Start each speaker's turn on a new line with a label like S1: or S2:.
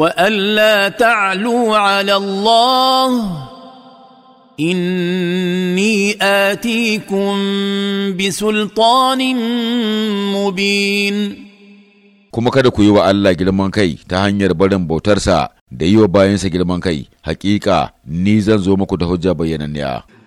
S1: والا تعلوا على الله اني اتيكم بسلطان مبين
S2: kuma kada ku yi wa Allah girman kai ta hanyar
S3: barin bautarsa da yi wa bayansa girman kai hakika ni zan zo muku da hujja bayyananniya